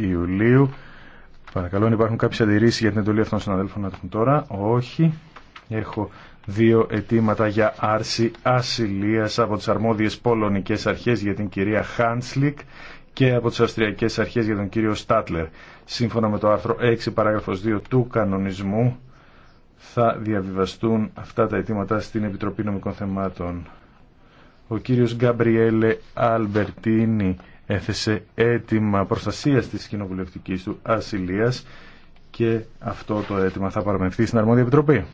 Ιουλίου. Παρακαλώ, αν υπάρχουν κάποιε αντιρρήσει για την εντολή αυτών των συναδέλφων να έρθουν τώρα. Όχι. Έχω δύο αιτήματα για άρση ασυλία από τι αρμόδιε πολωνικέ αρχέ για την κυρία Χάντσλικ και από τι αυστριακέ αρχέ για τον κύριο Στάτλερ. Σύμφωνα με το άρθρο 6 παράγραφο 2 του κανονισμού θα διαβιβαστούν αυτά τα αιτήματα στην Επιτροπή Νομικών Θεμάτων. Ο κύριος Γκαμπριέλε Αλμπερτίνη έθεσε αίτημα προστασίας της κοινοβουλευτικής του ασυλίας και αυτό το αίτημα θα παραμεθεί στην αρμόδια επιτροπή.